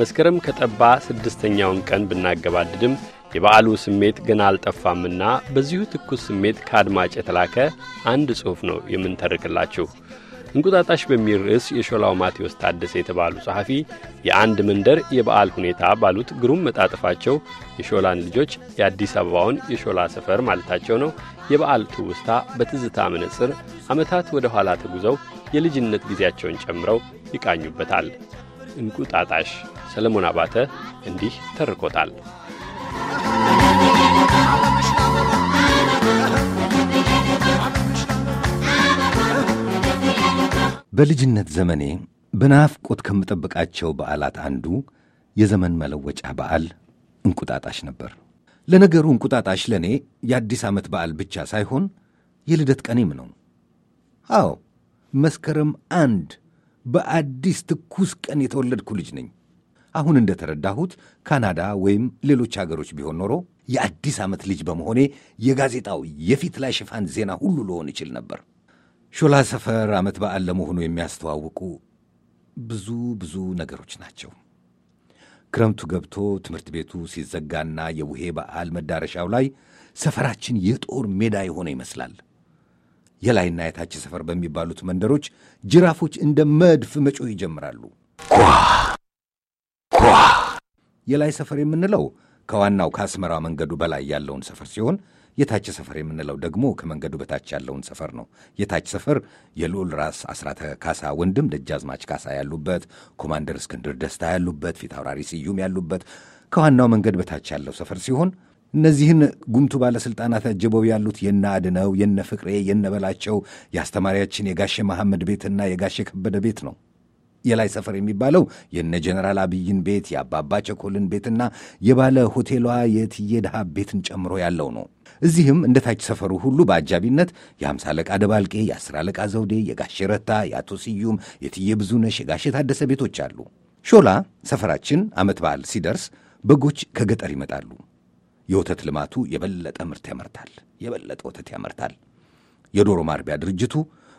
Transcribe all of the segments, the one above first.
መስከረም ከጠባ ስድስተኛውን ቀን ብናገባድድም የበዓሉ ስሜት ገና አልጠፋምና በዚሁ ትኩስ ስሜት ከአድማጭ የተላከ አንድ ጽሑፍ ነው የምንተርክላችሁ። እንቁጣጣሽ በሚል ርዕስ የሾላው ማቴዎስ ታደሰ የተባሉ ጸሐፊ የአንድ መንደር የበዓል ሁኔታ ባሉት ግሩም መጣጥፋቸው የሾላን ልጆች የአዲስ አበባውን የሾላ ሰፈር ማለታቸው ነው የበዓል ትውስታ በትዝታ መነጽር ዓመታት ወደ ኋላ ተጉዘው የልጅነት ጊዜያቸውን ጨምረው ይቃኙበታል። እንቁጣጣሽ ሰለሞን አባተ እንዲህ ተርኮታል። በልጅነት ዘመኔ በናፍቆት ከምጠብቃቸው በዓላት አንዱ የዘመን መለወጫ በዓል እንቁጣጣሽ ነበር። ለነገሩ እንቁጣጣሽ ለእኔ የአዲስ ዓመት በዓል ብቻ ሳይሆን የልደት ቀኔም ነው። አዎ መስከረም አንድ በአዲስ ትኩስ ቀን የተወለድኩ ልጅ ነኝ። አሁን እንደተረዳሁት ካናዳ ወይም ሌሎች አገሮች ቢሆን ኖሮ የአዲስ ዓመት ልጅ በመሆኔ የጋዜጣው የፊት ላይ ሽፋን ዜና ሁሉ ልሆን እችል ነበር። ሾላ ሰፈር ዓመት በዓል ለመሆኑ የሚያስተዋውቁ ብዙ ብዙ ነገሮች ናቸው። ክረምቱ ገብቶ ትምህርት ቤቱ ሲዘጋና የቡሄ በዓል መዳረሻው ላይ ሰፈራችን የጦር ሜዳ የሆነ ይመስላል። የላይና የታች ሰፈር በሚባሉት መንደሮች ጅራፎች እንደ መድፍ መጮ ይጀምራሉ። ኳ ኳ። የላይ ሰፈር የምንለው ከዋናው ከአስመራ መንገዱ በላይ ያለውን ሰፈር ሲሆን የታች ሰፈር የምንለው ደግሞ ከመንገዱ በታች ያለውን ሰፈር ነው። የታች ሰፈር የልዑል ራስ አስራተ ካሳ ወንድም ደጃዝማች ካሳ ያሉበት፣ ኮማንደር እስክንድር ደስታ ያሉበት፣ ፊት አውራሪ ስዩም ያሉበት ከዋናው መንገድ በታች ያለው ሰፈር ሲሆን እነዚህን ጉምቱ ባለስልጣናት አጅበው ያሉት የነ አድነው፣ የነ ፍቅሬ፣ የነ በላቸው የአስተማሪያችን የጋሼ መሐመድ ቤትና የጋሼ ከበደ ቤት ነው። የላይ ሰፈር የሚባለው የነ ጀነራል አብይን ቤት የአባባ ቸኮልን ቤትና የባለ ሆቴሏ የትዬ ድሃ ቤትን ጨምሮ ያለው ነው። እዚህም እንደ ታች ሰፈሩ ሁሉ በአጃቢነት የአምሳ አለቃ ደባልቄ፣ የአስር አለቃ ዘውዴ፣ የጋሼ ረታ፣ የአቶ ስዩም፣ የትዬ ብዙነሽ፣ የጋሼ ታደሰ ቤቶች አሉ። ሾላ ሰፈራችን ዓመት በዓል ሲደርስ በጎች ከገጠር ይመጣሉ። የወተት ልማቱ የበለጠ ምርት ያመርታል፣ የበለጠ ወተት ያመርታል። የዶሮ ማርቢያ ድርጅቱ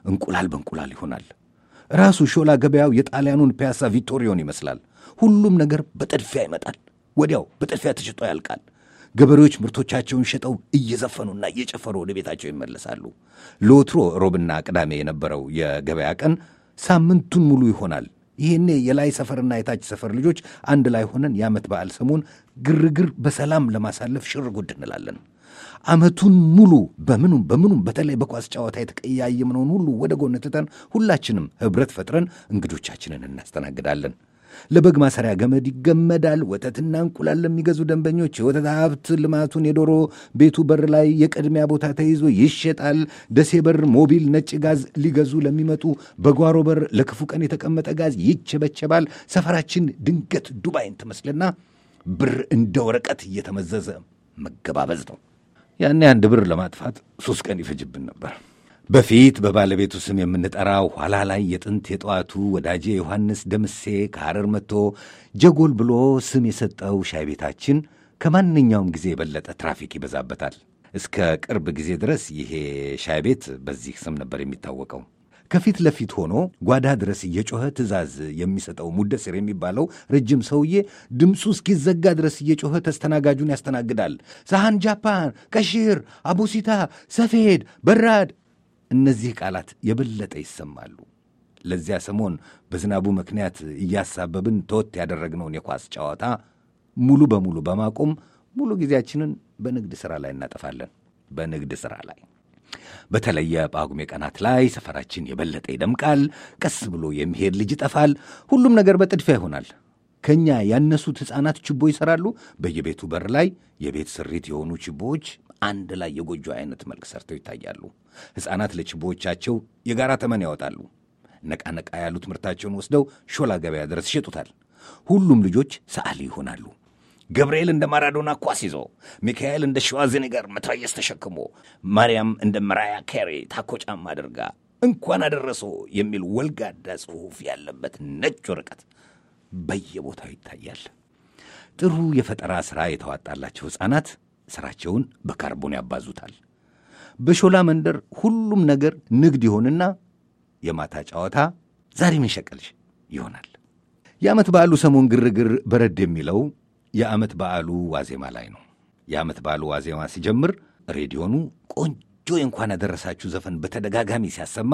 እንቁላል በእንቁላል ይሆናል። ራሱ ሾላ ገበያው የጣሊያኑን ፒያሳ ቪቶሪዮን ይመስላል። ሁሉም ነገር በጥድፊያ ይመጣል፣ ወዲያው በጥድፊያ ተሽጦ ያልቃል። ገበሬዎች ምርቶቻቸውን ሸጠው እየዘፈኑና እየጨፈሩ ወደ ቤታቸው ይመለሳሉ። ለወትሮ ሮብና ቅዳሜ የነበረው የገበያ ቀን ሳምንቱን ሙሉ ይሆናል። ይህኔ የላይ ሰፈርና የታች ሰፈር ልጆች አንድ ላይ ሆነን የዓመት በዓል ሰሞን ግርግር በሰላም ለማሳለፍ ሽር ጉድ እንላለን። ዓመቱን ሙሉ በምኑም በምኑም በተለይ በኳስ ጨዋታ የተቀያየምነውን ሁሉ ወደ ጎን ትተን ሁላችንም ኅብረት ፈጥረን እንግዶቻችንን እናስተናግዳለን። ለበግ ማሰሪያ ገመድ ይገመዳል። ወተትና እንቁላል ለሚገዙ ደንበኞች የወተት ሀብት ልማቱን የዶሮ ቤቱ በር ላይ የቅድሚያ ቦታ ተይዞ ይሸጣል። ደሴ በር ሞቢል ነጭ ጋዝ ሊገዙ ለሚመጡ በጓሮ በር ለክፉ ቀን የተቀመጠ ጋዝ ይቸበቸባል። ሰፈራችን ድንገት ዱባይን ትመስልና ብር እንደ ወረቀት እየተመዘዘ መገባበዝ ነው። ያኔ አንድ ብር ለማጥፋት ሶስት ቀን ይፈጅብን ነበር። በፊት በባለቤቱ ስም የምንጠራው ኋላ ላይ የጥንት የጠዋቱ ወዳጄ ዮሐንስ ደምሴ ከሐረር መጥቶ ጀጎል ብሎ ስም የሰጠው ሻይ ቤታችን ከማንኛውም ጊዜ የበለጠ ትራፊክ ይበዛበታል። እስከ ቅርብ ጊዜ ድረስ ይሄ ሻይ ቤት በዚህ ስም ነበር የሚታወቀው። ከፊት ለፊት ሆኖ ጓዳ ድረስ እየጮኸ ትዕዛዝ የሚሰጠው ሙደስር የሚባለው ረጅም ሰውዬ ድምፁ እስኪዘጋ ድረስ እየጮኸ ተስተናጋጁን ያስተናግዳል። ሳህን፣ ጃፓን፣ ቀሺር፣ አቡሲታ፣ ሰፌድ፣ በራድ እነዚህ ቃላት የበለጠ ይሰማሉ። ለዚያ ሰሞን በዝናቡ ምክንያት እያሳበብን ተወት ያደረግነውን የኳስ ጨዋታ ሙሉ በሙሉ በማቆም ሙሉ ጊዜያችንን በንግድ ሥራ ላይ እናጠፋለን። በንግድ ሥራ ላይ በተለየ ጳጉሜ ቀናት ላይ ሰፈራችን የበለጠ ይደምቃል። ቀስ ብሎ የሚሄድ ልጅ ይጠፋል። ሁሉም ነገር በጥድፊያ ይሆናል። ከኛ ያነሱት ሕፃናት ችቦ ይሰራሉ። በየቤቱ በር ላይ የቤት ስሪት የሆኑ ችቦዎች አንድ ላይ የጎጆ አይነት መልክ ሰርተው ይታያሉ። ሕፃናት ለችቦዎቻቸው የጋራ ተመን ያወጣሉ። ነቃነቃ ያሉት ምርታቸውን ወስደው ሾላ ገበያ ድረስ ይሸጡታል። ሁሉም ልጆች ሰዓሊ ይሆናሉ። ገብርኤል እንደ ማራዶና ኳስ ይዞ፣ ሚካኤል እንደ ሸዋዘኔገር መትረየስ ተሸክሞ፣ ማርያም እንደ መራያ ኬሪ ታኮ ጫማ አድርጋ እንኳን አደረሶ የሚል ወልጋዳ ጽሑፍ ያለበት ነጭ ወረቀት በየቦታው ይታያል። ጥሩ የፈጠራ ሥራ የተዋጣላቸው ሕፃናት ሥራቸውን በካርቦን ያባዙታል። በሾላ መንደር ሁሉም ነገር ንግድ ይሆንና የማታ ጨዋታ ዛሬ ምን ሸቀልሽ ይሆናል። የዓመት በዓሉ ሰሞን ግርግር በረድ የሚለው የዓመት በዓሉ ዋዜማ ላይ ነው። የዓመት በዓሉ ዋዜማ ሲጀምር ሬዲዮኑ ቆንጆ የእንኳን ያደረሳችሁ ዘፈን በተደጋጋሚ ሲያሰማ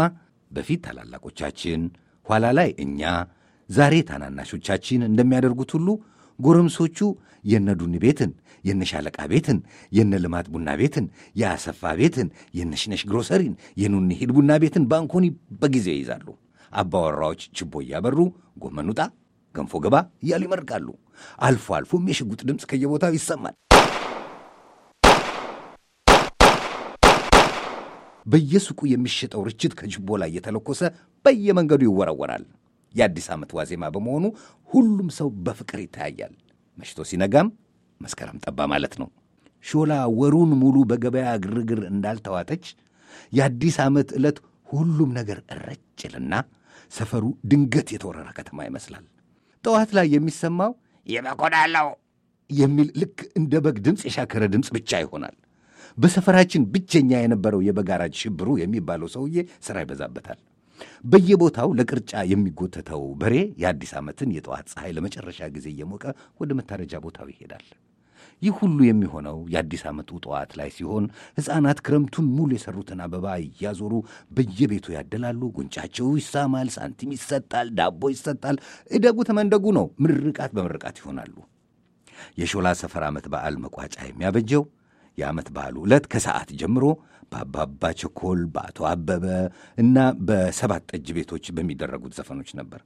በፊት ታላላቆቻችን፣ ኋላ ላይ እኛ፣ ዛሬ ታናናሾቻችን እንደሚያደርጉት ሁሉ ጎረምሶቹ ዱኒ ቤትን፣ ሻለቃ ቤትን፣ የነ ልማት ቡና ቤትን፣ የአሰፋ ቤትን፣ የነሽነሽ ግሮሰሪን፣ የኑንሂድ ቡና ቤትን ባንኮኒ በጊዜ ይይዛሉ። አባወራዎች ችቦ እያበሩ ጎመን ውጣ፣ ገንፎ ገባ እያሉ ይመርቃሉ። አልፎ አልፎም የሽጉጥ ድምፅ ከየቦታው ይሰማል። በየሱቁ የሚሸጠው ርችት ከችቦ ላይ እየተለኮሰ በየመንገዱ ይወረወራል። የአዲስ ዓመት ዋዜማ በመሆኑ ሁሉም ሰው በፍቅር ይታያል። መሽቶ ሲነጋም መስከረም ጠባ ማለት ነው። ሾላ ወሩን ሙሉ በገበያ ግርግር እንዳልተዋጠች የአዲስ ዓመት ዕለት ሁሉም ነገር ረጭልና ሰፈሩ ድንገት የተወረረ ከተማ ይመስላል። ጠዋት ላይ የሚሰማው ይበኮናለው የሚል ልክ እንደ በግ ድምፅ የሻከረ ድምፅ ብቻ ይሆናል። በሰፈራችን ብቸኛ የነበረው የበጋራጅ ሽብሩ የሚባለው ሰውዬ ሥራ ይበዛበታል። በየቦታው ለቅርጫ የሚጎተተው በሬ የአዲስ ዓመትን የጠዋት ፀሐይ ለመጨረሻ ጊዜ እየሞቀ ወደ መታረጃ ቦታው ይሄዳል። ይህ ሁሉ የሚሆነው የአዲስ ዓመቱ ጠዋት ላይ ሲሆን ሕፃናት ክረምቱን ሙሉ የሠሩትን አበባ እያዞሩ በየቤቱ ያደላሉ። ጉንጫቸው ይሳማል፣ ሳንቲም ይሰጣል፣ ዳቦ ይሰጣል። እደጉ ተመንደጉ ነው። ምርቃት በምርቃት ይሆናሉ። የሾላ ሰፈር ዓመት በዓል መቋጫ የሚያበጀው የዓመት በዓሉ ዕለት ከሰዓት ጀምሮ በአባባ ቸኮል፣ በአቶ አበበ እና በሰባት ጠጅ ቤቶች በሚደረጉት ዘፈኖች ነበር።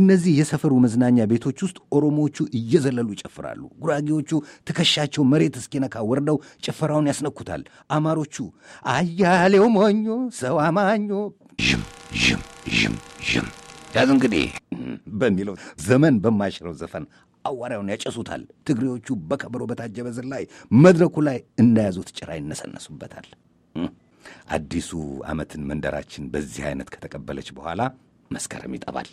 እነዚህ የሰፈሩ መዝናኛ ቤቶች ውስጥ ኦሮሞዎቹ እየዘለሉ ይጨፍራሉ። ጉራጌዎቹ ትከሻቸው መሬት እስኪነካ ወርደው ጭፈራውን ያስነኩታል። አማሮቹ አያሌው ሞኞ ሰው አማኞ ዥም ዥም ዥም ዥም ያዝ እንግዲህ በሚለው ዘመን በማይሽረው ዘፈን አዋራውን ያጨሱታል። ትግሬዎቹ በከበሮ በታጀበ ዝላይ መድረኩ ላይ እንዳያዙት ጭራ ይነሰነሱበታል። አዲሱ ዓመትን መንደራችን በዚህ አይነት ከተቀበለች በኋላ መስከረም ይጠባል።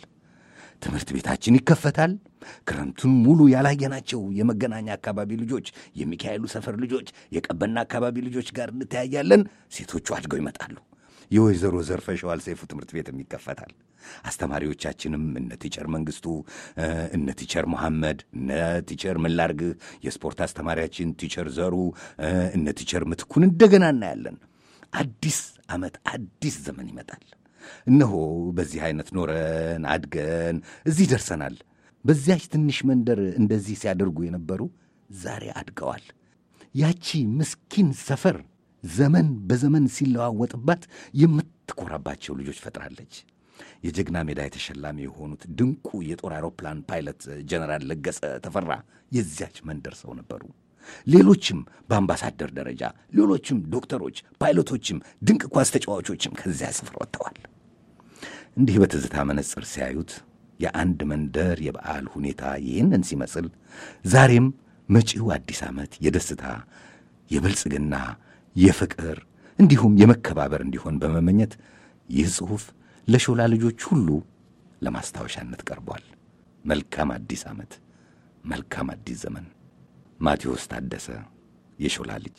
ትምህርት ቤታችን ይከፈታል። ክረምቱን ሙሉ ያላየናቸው የመገናኛ አካባቢ ልጆች፣ የሚካኤሉ ሰፈር ልጆች፣ የቀበና አካባቢ ልጆች ጋር እንተያያለን። ሴቶቹ አድገው ይመጣሉ። የወይዘሮ ሸዋል ሰይፉ ትምህርት ቤትም ይከፈታል። አስተማሪዎቻችንም እነ ቲቸር መንግስቱ፣ እነ ቲቸር መሐመድ፣ እነ ቲቸር ምላርግህ የስፖርት አስተማሪያችን ቲቸር ዘሩ፣ እነ ቲቸር ምትኩን እንደገና እናያለን። አዲስ ዓመት አዲስ ዘመን ይመጣል። እነሆ በዚህ አይነት ኖረን አድገን እዚህ ደርሰናል። በዚያች ትንሽ መንደር እንደዚህ ሲያደርጉ የነበሩ ዛሬ አድገዋል። ያቺ ምስኪን ሰፈር ዘመን በዘመን ሲለዋወጥባት የምትኮራባቸው ልጆች ፈጥራለች። የጀግና ሜዳ የተሸላሚ የሆኑት ድንቁ የጦር አውሮፕላን ፓይለት ጀነራል ለገሰ ተፈራ የዚያች መንደር ሰው ነበሩ። ሌሎችም በአምባሳደር ደረጃ ሌሎችም ዶክተሮች፣ ፓይለቶችም፣ ድንቅ ኳስ ተጫዋቾችም ከዚያ ስፍር ወጥተዋል። እንዲህ በትዝታ መነጽር ሲያዩት የአንድ መንደር የበዓል ሁኔታ ይህንን ሲመስል ዛሬም መጪው አዲስ ዓመት የደስታ የብልጽግና የፍቅር እንዲሁም የመከባበር እንዲሆን በመመኘት ይህ ጽሑፍ ለሾላ ልጆች ሁሉ ለማስታወሻነት ቀርቧል። መልካም አዲስ ዓመት፣ መልካም አዲስ ዘመን። ማቴዎስ ታደሰ የሾላ ልጅ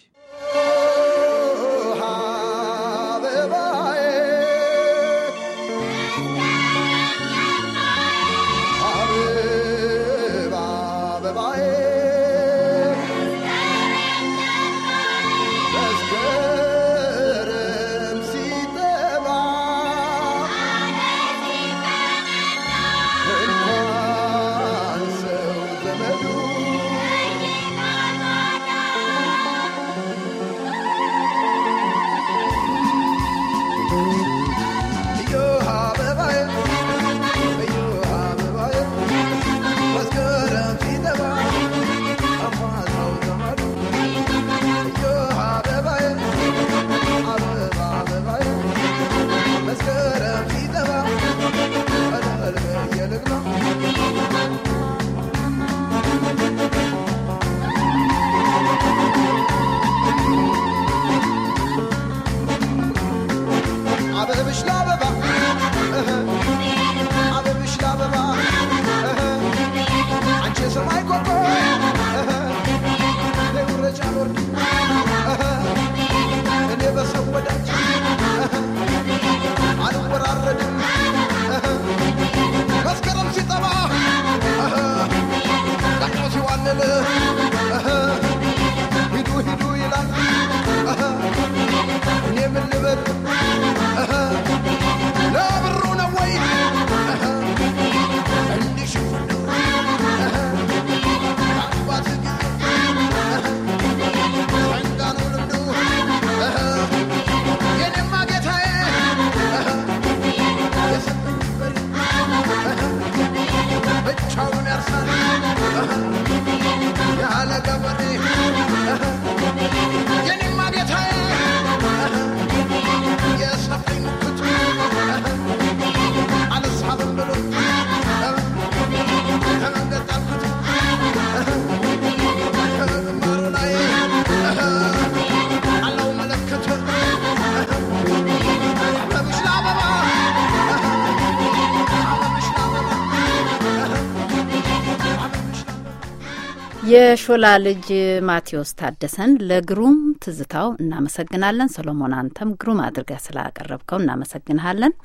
የሾላ ልጅ ማቴዎስ ታደሰን ለግሩም ትዝታው እናመሰግናለን። ሰሎሞን፣ አንተም ግሩም አድርገህ ስላቀረብከው እናመሰግንሃለን።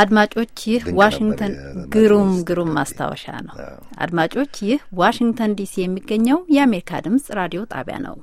አድማጮች፣ ይህ ዋሽንግተን ግሩም ግሩም ማስታወሻ ነው። አድማጮች፣ ይህ ዋሽንግተን ዲሲ የሚገኘው የአሜሪካ ድምጽ ራዲዮ ጣቢያ ነው።